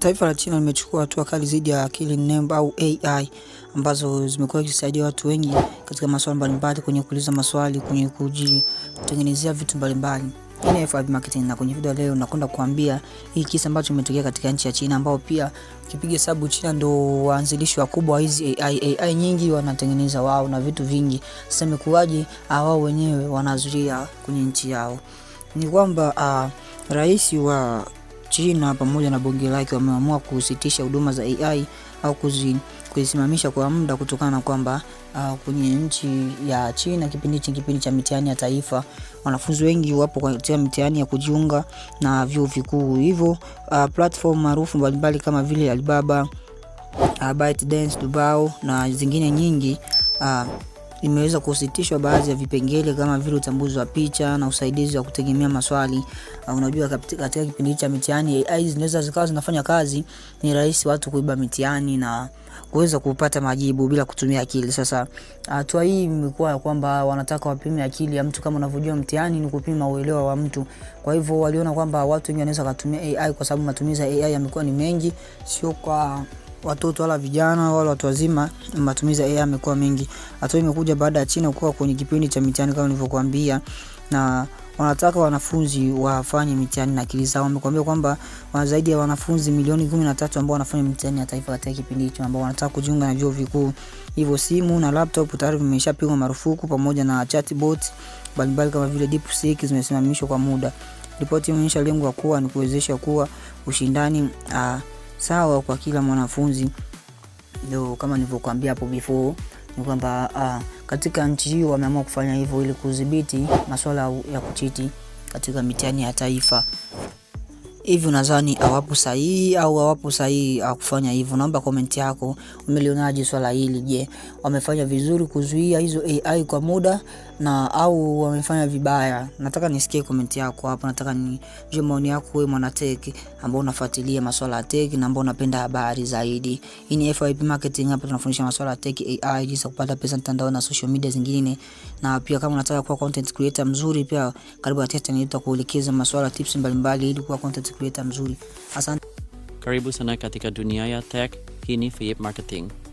Taifa la China limechukua hatua kali dhidi ya akili mnemba au AI ambazo zimekuwa zikisaidia watu wengi katika masuala mbalimbali, kwenye kuuliza maswali, kwenye kujitengenezea vitu mbalimbali. Hii ni f Marketing na kwenye video leo nakwenda kuambia hii kisa ambacho imetokea katika nchi ya China, ambao pia ukipiga hesabu China ndo waanzilishi wakubwa hizi AI. AI nyingi wanatengeneza wao na vitu vingi. Sasa imekuwaje ah, wao wenyewe wanazuria kwenye nchi yao? Ni kwamba uh, rais wa China pamoja na bunge lake wameamua kusitisha huduma za AI au kuzi, kuisimamisha kwa muda kutokana na kwamba uh, kwenye nchi ya China kipindi hichi kipindi cha mitihani ya taifa, wanafunzi wengi wapo katika mitihani ya kujiunga na vyuo vikuu. Hivyo uh, platform maarufu mbalimbali kama vile Alibaba, uh, ByteDance, Dubao na zingine nyingi uh, limeweza kusitishwa baadhi ya vipengele kama vile utambuzi wa picha na usaidizi wa kutegemea maswali. Uh, unajua katika kipindi cha mitihani AI zinaweza zikawa zinafanya kazi, ni rahisi watu kuiba mitihani na kuweza kupata majibu bila kutumia akili. Sasa hatua hii imekuwa ya kwamba wanataka wapime akili ya mtu. Kama unavyojua mtihani ni kupima uelewa wa mtu, kwa hivyo waliona kwamba watu wengi wanaweza kutumia AI kwa sababu matumizi ya AI yamekuwa ni mengi, sio kwa watoto wala vijana wala watu wazima, matumizi ya AI yamekuwa mengi. Hata imekuja baada ya China kuwa kwenye kipindi cha mitihani kama nilivyokuambia, na wanataka wanafunzi wafanye mitihani na akili zao. Wamekuambia kwamba wana zaidi ya wanafunzi milioni kumi na tatu ambao wanafanya mitihani ya taifa katika kipindi hicho, ambao wanataka kujiunga na vyuo vikuu. Hivyo simu na laptop tayari vimeshapigwa marufuku pamoja na chatbot mbalimbali kama vile DeepSeek zimesimamishwa kwa muda. Ripoti imeonyesha lengo la kuwa ni kuwezesha kuwa ushindani uh, sawa kwa kila mwanafunzi. Ndio kama nilivyokuambia hapo before ni kwamba uh, katika nchi hiyo wameamua kufanya hivyo ili kudhibiti masuala ya kuchiti katika mitihani ya taifa. Hivi unadhani awapo sahihi au awapo sahihi akufanya hivyo? Naomba komenti yako, umelionaje swala hili? Je, wamefanya vizuri kuzuia hizo AI kwa muda na au wamefanya vibaya? Nataka nisikie komenti yako hapo, nataka nijue maoni yako wewe mwanateki ambao unafuatilia masuala ya tech na ambao unapenda habari zaidi. Hii ni FYP Marketing, hapa tunafundisha masuala ya tech, AI, jinsi ya kupata pesa mtandaoni na social media zingine, na pia kama unataka kuwa content creator mzuri, pia karibu na Teta nitakuelekeza masuala tips mbalimbali ili kuwa content creator. kuleta mzuri. Asante, karibu sana katika dunia ya tech. Hii ni Philip Marketing.